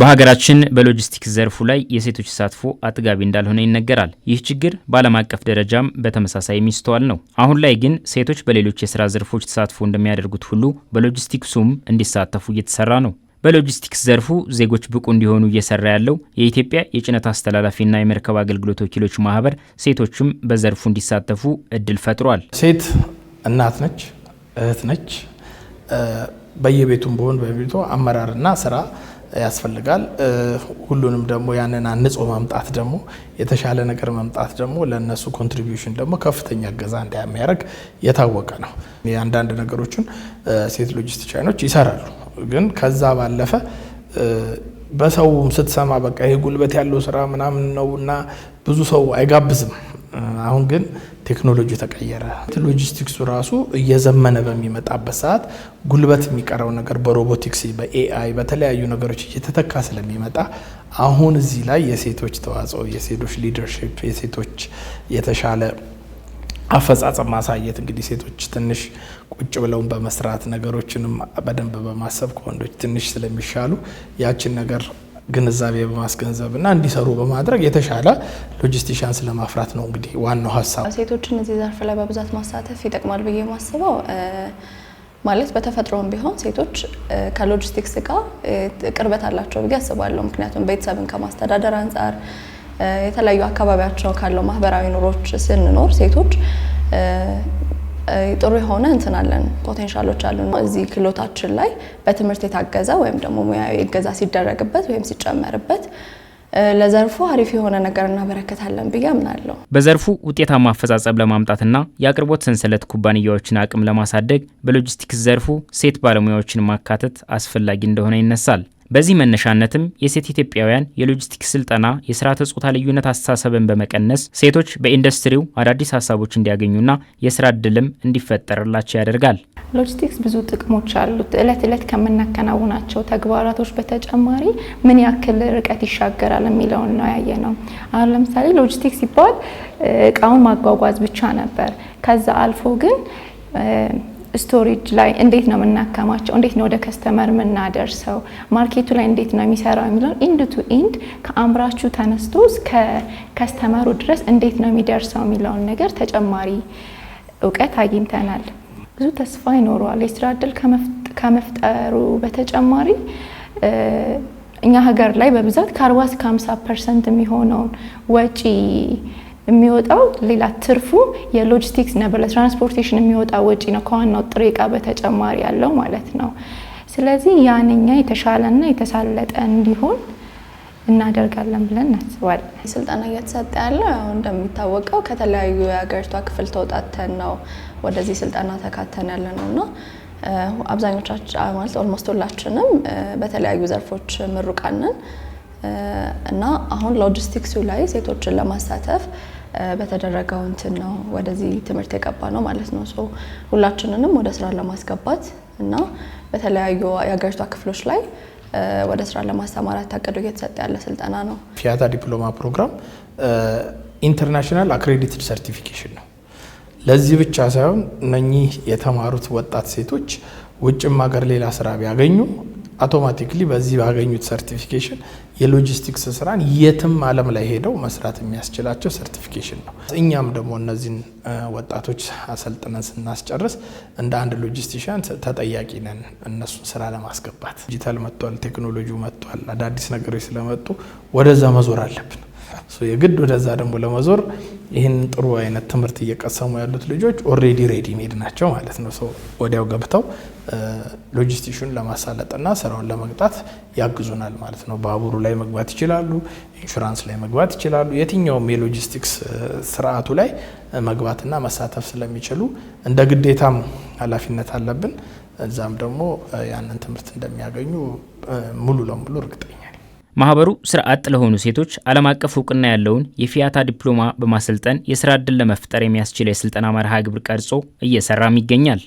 በሀገራችን በሎጂስቲክስ ዘርፉ ላይ የሴቶች ተሳትፎ አጥጋቢ እንዳልሆነ ይነገራል። ይህ ችግር በዓለም አቀፍ ደረጃም በተመሳሳይ የሚስተዋል ነው። አሁን ላይ ግን ሴቶች በሌሎች የስራ ዘርፎች ተሳትፎ እንደሚያደርጉት ሁሉ በሎጂስቲክሱም እንዲሳተፉ እየተሰራ ነው። በሎጂስቲክስ ዘርፉ ዜጎች ብቁ እንዲሆኑ እየሰራ ያለው የኢትዮጵያ የጭነት አስተላላፊና የመርከብ አገልግሎት ወኪሎች ማህበር ሴቶችም በዘርፉ እንዲሳተፉ እድል ፈጥሯል። ሴት እናት ነች፣ እህት ነች። በየቤቱም በሆን በቤቱ አመራርና ስራ ያስፈልጋል። ሁሉንም ደግሞ ያንን አንጾ ማምጣት ደግሞ የተሻለ ነገር ማምጣት ደግሞ ለእነሱ ኮንትሪቢሽን ደግሞ ከፍተኛ እገዛ እንደሚያደርግ የታወቀ ነው። የአንዳንድ ነገሮችን ሴት ሎጂስቲክ ቻይኖች ይሰራሉ። ግን ከዛ ባለፈ በሰውም ስትሰማ በቃ ይሄ ጉልበት ያለው ስራ ምናምን ነው እና ብዙ ሰው አይጋብዝም። አሁን ግን ቴክኖሎጂ ተቀየረ። ሎጂስቲክሱ ራሱ እየዘመነ በሚመጣበት ሰዓት ጉልበት የሚቀረው ነገር በሮቦቲክስ፣ በኤአይ፣ በተለያዩ ነገሮች እየተተካ ስለሚመጣ አሁን እዚህ ላይ የሴቶች ተዋጽኦ፣ የሴቶች ሊደርሽፕ፣ የሴቶች የተሻለ አፈጻጸም ማሳየት እንግዲህ ሴቶች ትንሽ ቁጭ ብለውን በመስራት ነገሮችንም በደንብ በማሰብ ከወንዶች ትንሽ ስለሚሻሉ ያችን ነገር ግንዛቤ በማስገንዘብ እና እንዲሰሩ በማድረግ የተሻለ ሎጂስቲሻንስ ለማፍራት ነው እንግዲህ ዋናው ሀሳብ። ሴቶችን እዚህ ዘርፍ ላይ በብዛት ማሳተፍ ይጠቅማል ብዬ የማስበው ማለት በተፈጥሮም ቢሆን ሴቶች ከሎጂስቲክስ ጋር ቅርበት አላቸው ብዬ አስባለሁ። ምክንያቱም ቤተሰብን ከማስተዳደር አንጻር የተለያዩ አካባቢያቸው ካለው ማህበራዊ ኑሮች ስንኖር ሴቶች ጥሩ የሆነ እንትን አለን ፖቴንሻሎች አሉ እዚህ ክህሎታችን ላይ በትምህርት የታገዘ ወይም ደግሞ ሙያዊ እገዛ ሲደረግበት ወይም ሲጨመርበት ለዘርፉ አሪፍ የሆነ ነገር እናበረከታለን ብዬ አምናለሁ። በዘርፉ ውጤታማ አፈጻጸም ለማምጣትና የአቅርቦት ሰንሰለት ኩባንያዎችን አቅም ለማሳደግ በሎጂስቲክስ ዘርፉ ሴት ባለሙያዎችን ማካተት አስፈላጊ እንደሆነ ይነሳል። በዚህ መነሻነትም የሴት ኢትዮጵያውያን የሎጂስቲክስ ስልጠና የስርዓተ ጾታ ልዩነት አስተሳሰብን በመቀነስ ሴቶች በኢንዱስትሪው አዳዲስ ሀሳቦች እንዲያገኙና የስራ እድልም እንዲፈጠርላቸው ያደርጋል። ሎጂስቲክስ ብዙ ጥቅሞች አሉት። እለት እለት ከምናከናውናቸው ተግባራቶች በተጨማሪ ምን ያክል ርቀት ይሻገራል የሚለውን ነው ያየ ነው። አሁን ለምሳሌ ሎጂስቲክስ ሲባል እቃውን ማጓጓዝ ብቻ ነበር። ከዛ አልፎ ግን ስቶሬጅ ላይ እንዴት ነው የምናከማቸው፣ እንዴት ነው ወደ ከስተመር የምናደርሰው፣ ማርኬቱ ላይ እንዴት ነው የሚሰራው የሚለውን ኢንድ ቱ ኢንድ ከአምራቹ ተነስቶ እስከ ከስተመሩ ድረስ እንዴት ነው የሚደርሰው የሚለውን ነገር ተጨማሪ እውቀት አግኝተናል። ብዙ ተስፋ ይኖረዋል። የስራ እድል ከመፍጠሩ በተጨማሪ እኛ ሀገር ላይ በብዛት ከ40 እስከ 50 ፐርሰንት የሚሆነውን ወጪ የሚወጣው ሌላ ትርፉ የሎጂስቲክስ እና ለትራንስፖርቴሽን የሚወጣ ወጪ ነው ከዋናው ጥሬ እቃ በተጨማሪ ያለው ማለት ነው። ስለዚህ ያንኛ የተሻለና የተሳለጠ እንዲሆን እናደርጋለን ብለን እናስባለን። ስልጠና እየተሰጠ ያለ እንደሚታወቀው ከተለያዩ የሀገሪቷ ክፍል ተውጣተን ነው ወደዚህ ስልጠና ተካተን ያለ ነው እና አብዛኞቻችን ማለት ኦልሞስት ሁላችንም በተለያዩ ዘርፎች ምሩቃንን እና አሁን ሎጂስቲክሱ ላይ ሴቶችን ለማሳተፍ በተደረገው እንትን ነው ወደዚህ ትምህርት የገባ ነው ማለት ነው። ሁላችንንም ወደ ስራ ለማስገባት እና በተለያዩ የሀገሪቷ ክፍሎች ላይ ወደ ስራ ለማሰማራት ታቅዶ እየተሰጠ ያለ ስልጠና ነው። ፊያታ ዲፕሎማ ፕሮግራም ኢንተርናሽናል አክሬዲትድ ሰርቲፊኬሽን ነው። ለዚህ ብቻ ሳይሆን እነኚህ የተማሩት ወጣት ሴቶች ውጭም ሀገር ሌላ ስራ ቢያገኙ አውቶማቲክሊ በዚህ ባገኙት ሰርቲፊኬሽን የሎጂስቲክስ ስራን የትም ዓለም ላይ ሄደው መስራት የሚያስችላቸው ሰርቲፊኬሽን ነው። እኛም ደግሞ እነዚህን ወጣቶች አሰልጥነን ስናስጨርስ እንደ አንድ ሎጂስቲሽያን ተጠያቂ ነን እነሱን ስራ ለማስገባት። ዲጂታል መጥቷል፣ ቴክኖሎጂ መጥቷል፣ አዳዲስ ነገሮች ስለመጡ ወደዛ መዞር አለብን። የግድ ወደዛ ደግሞ ለመዞር ይህን ጥሩ አይነት ትምህርት እየቀሰሙ ያሉት ልጆች ኦሬዲ ሬዲ ሜድ ናቸው ማለት ነው። ወዲያው ገብተው ሎጂስቲክሱን ለማሳለጥና ስራውን ለመቅጣት ያግዙናል ማለት ነው። ባቡሩ ላይ መግባት ይችላሉ፣ ኢንሹራንስ ላይ መግባት ይችላሉ። የትኛውም የሎጂስቲክስ ስርዓቱ ላይ መግባትና መሳተፍ ስለሚችሉ እንደ ግዴታም ኃላፊነት አለብን። እዛም ደግሞ ያንን ትምህርት እንደሚያገኙ ሙሉ ለሙሉ እርግጠኛ ማህበሩ ስራ አጥ ለሆኑ ሴቶች ዓለም አቀፍ እውቅና ያለውን የፊያታ ዲፕሎማ በማሰልጠን የስራ ዕድል ለመፍጠር የሚያስችል የስልጠና መርሃ ግብር ቀርጾ እየሰራም ይገኛል።